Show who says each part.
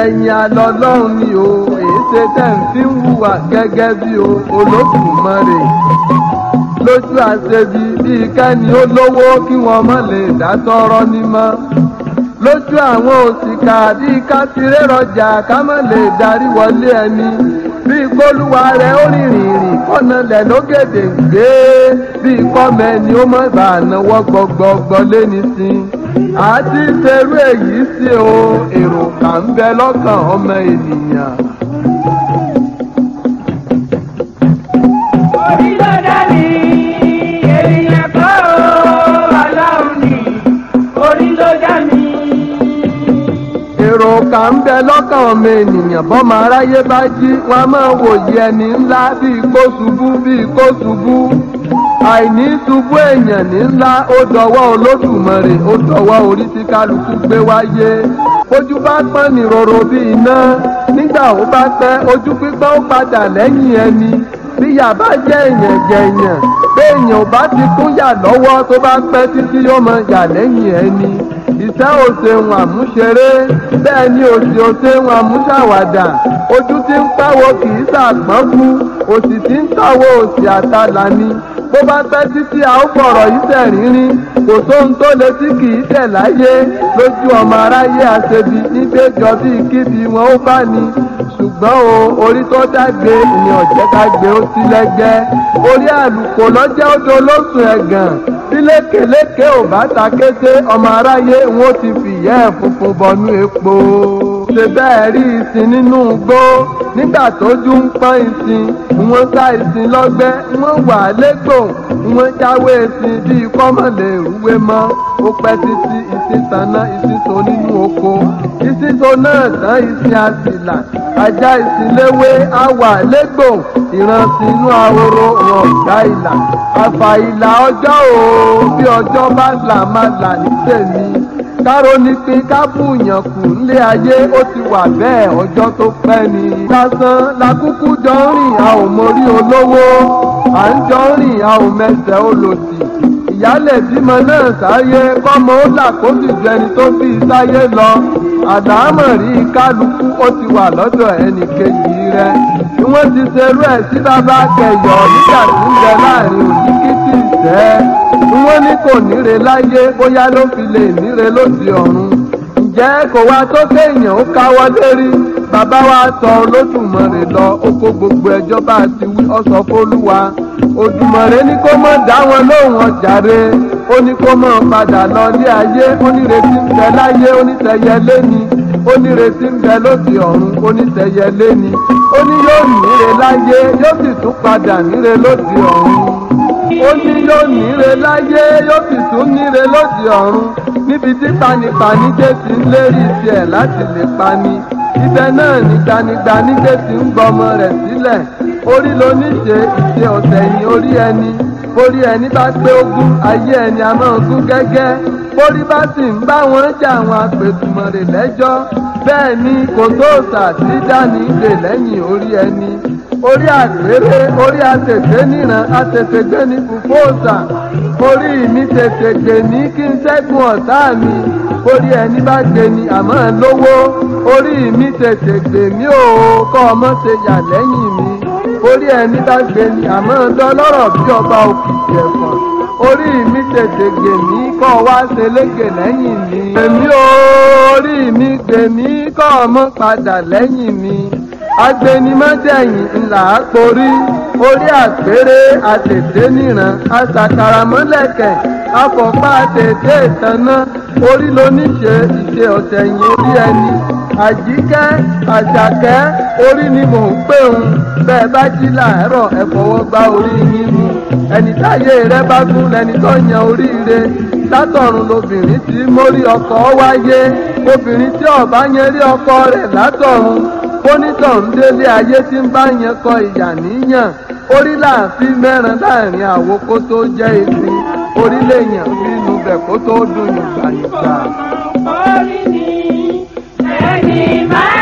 Speaker 1: ẹ̀yin àlọ́lọ́run ni o èéṣe tẹ̀ ń fi ń hùwà gẹ́gẹ́ bí o Olódùmarè lójú àṣebi bíi kẹ́ni ó lówó kí wọ́n mọ̀ lè dá tọrọ nímọ́ lójú àwọn òṣìkà bíi kásìrè rọjà ká mọ̀ lè darí wọlé ẹni bíi kólúwa rẹ̀ ó rìnrìn rìn kọ́nà lẹ̀ lókèdè gbé bíi kọ́mẹ́ni ó mọ̀ bá ànáwọ́ gbọgbọgbọ lé ní sin. ti ṣerú èyí sí o èrò kà ń bẹ lọ́kàn ọmọ ènìyàn. ni ènìyàn kọ́ ni mi. kà ń bẹ lọ́kàn ọmọ ènìyàn bọ́mọ aráyé bá jí wọn máa wòye ẹni ńlá bíi kó ṣubú bíi kó ṣubú. àìní ṣubú èèyàn ní ńlá ó dọwọ́ olódùmarè ó dọwọ́ orí tí kálukú gbé wáyé ojú bá pọ́n ní bí iná nígbà ó bá pẹ́ ojú pípọ́n ó padà lẹ́yìn ẹni bí yàbá jẹ́ èèyàn jẹ̀yàn béèyàn bá ti kún yà lọ́wọ́ tó bá pẹ́ títí yóò mọ yà lẹ́yìn ẹni òṣèwọ̀n àmúṣeré bẹ́ẹ̀ ni òṣèwọ̀n àmúṣàwàdà ojú ń pẹ́wọ́ kì í òṣì ń tàwọ́ òṣì àtàlà ni. bó bá pẹ́ títí a ó fọ̀rọ̀ yìí tẹ̀ rínrín kò sóhun tó le tí kì í tẹ̀ láyé lójú ọmọ aráyé àṣebi nígbèjọ bíi kíbi wọn ó bá ní ṣùgbọ́n o orí tó dágbe ni ọ̀jẹ́ ká gbé ó ti lẹ́gbẹ́ orí àlùkò lọ́jẹ́ ó dolóṣù ẹ̀gàn bí lékeléke ò bá ta kété ọmọ aráyé wọn ó ti fìyẹ́ ẹ̀ funfun bọnú epo ṣe bẹ́ẹ̀ rí ìsìn nínú igbó nígbà tójú ń pọ́n ìsìn wọ́n sá ìsìn lọ́gbẹ́ wọ́n wà lẹ́gbò wọ́n jáwé ìsìn bíi kọ́mọ̀lẹ̀ ìrúwé mọ́ ó pẹ́ títí ìsìn tàná ìsìn tó nínú oko ìsìn tó náà tán ìsìn àsìlà ajá ìsìn léwé á wà lẹ́gbò ìrántí inú ahoro ràn ọ̀gá ìlà àfàìlà ọjọ́ òó bí ọjọ́ bá là máa là ní tèmi. káró ní pé kábùyàn kù nílé ayé ó ti wà bẹ́ẹ̀ ọjọ́ tó pẹ́ ni. lásán lakúkú jọ ń rìn a ò mórí olówó à ń jọ ń rìn a ò mẹsẹ̀ olòdì ìyálẹ̀ bímọ náà sáyé kọ́mọ ó là kó sì ju ẹni tó sáyé lọ àdámọ̀rí kálukú ó ti wà lọ́dọ̀ rẹ. ti ṣerú ẹ̀ sí bàbá nígbà tí ń bẹ láàrin wọ́n ní kò níre láyé bóyá ló fi lè níre lóde ọ̀run ǹjẹ́ kò wá lọ ó gbogbo ẹjọ́ bá a ti wí ọ̀sọ̀ fólúwa òdùmarè ní kó mọ̀ dá wọn lóhùn ọ̀jàre ó ní kó mọ̀ padà lọ ayé ó ní retí ń ni ó ní retí ń bẹ lóde ọ̀run ó ní ni. ó ní yóò níre láyé yóò sì tún padà níre lóde ọ̀run ó ní yóò níre láyé yóò sì tún níre lóde ọ̀run níbi tí panipani jẹ́ ti ń lérí tiẹ̀ láti lè pani ibẹ̀ náà ni gbanigbani jẹ́ ti ń gbọmọ rẹ̀ sílẹ̀ orí ló ní ṣe ìṣe ọ̀tẹ̀ ni orí ẹni borí ẹni bá gbé ogún ayé ẹni a máa gún gẹ́gẹ́ borí bá sì ń bá wọn jà àwọn àpètùmọ̀rè lẹ́jọ́ bẹ́ẹ̀ ni kò tó òòṣà tí dání lè lẹ́yìn orí ẹni orí àrèrè orí àtètè níran àtètègbè ní fùfú òòṣà orí mi tètègbè ní kí n ṣẹ́gun ọ̀tá mi orí ẹni bá gbé ni àmọ́ lówó orí mi tètègbè mi ò kọ́ ọmọ ṣe yà lẹ́yìn mi orí ẹni bá gbé ni àmọ́ dọ́lọ́rọ̀ bí ọba òkìkí ẹ̀fọn. orí mi tètè gèmí kọ́ wá ṣelége lẹ́yìn mi. èmi orí mi gèmí kọ́ ọmọ padà lẹ́yìn mi. agbẹnimọ́dẹ̀yìn ńlá porí orí àpérè àtètè níran àṣàkàràmọ́lẹ̀kẹ̀ àfọ̀pá àtètè ìtanná orí lóníṣe ìṣe ọ̀tẹ̀yìn orí ẹni. àjíkẹ́ àjàkẹ́ orí ni mò ń pè ń bẹ́ẹ̀ bá jí làárọ̀ ẹ fọwọ́ orí yín mu ẹni táyé rẹ bá gún lẹni tó yan oríire látọ̀run lobìnrin tí mórí ọkọ wáyé obìnrin tí ọba yẹn rí ọkọ rẹ̀ látọ̀run bónítọ̀hún délé ayé tí ń bá yẹn kọ ìyà níyàn orí láàfin mẹ́rin láàrin tó jẹ́ ìsìn fi kó tó dùn Happy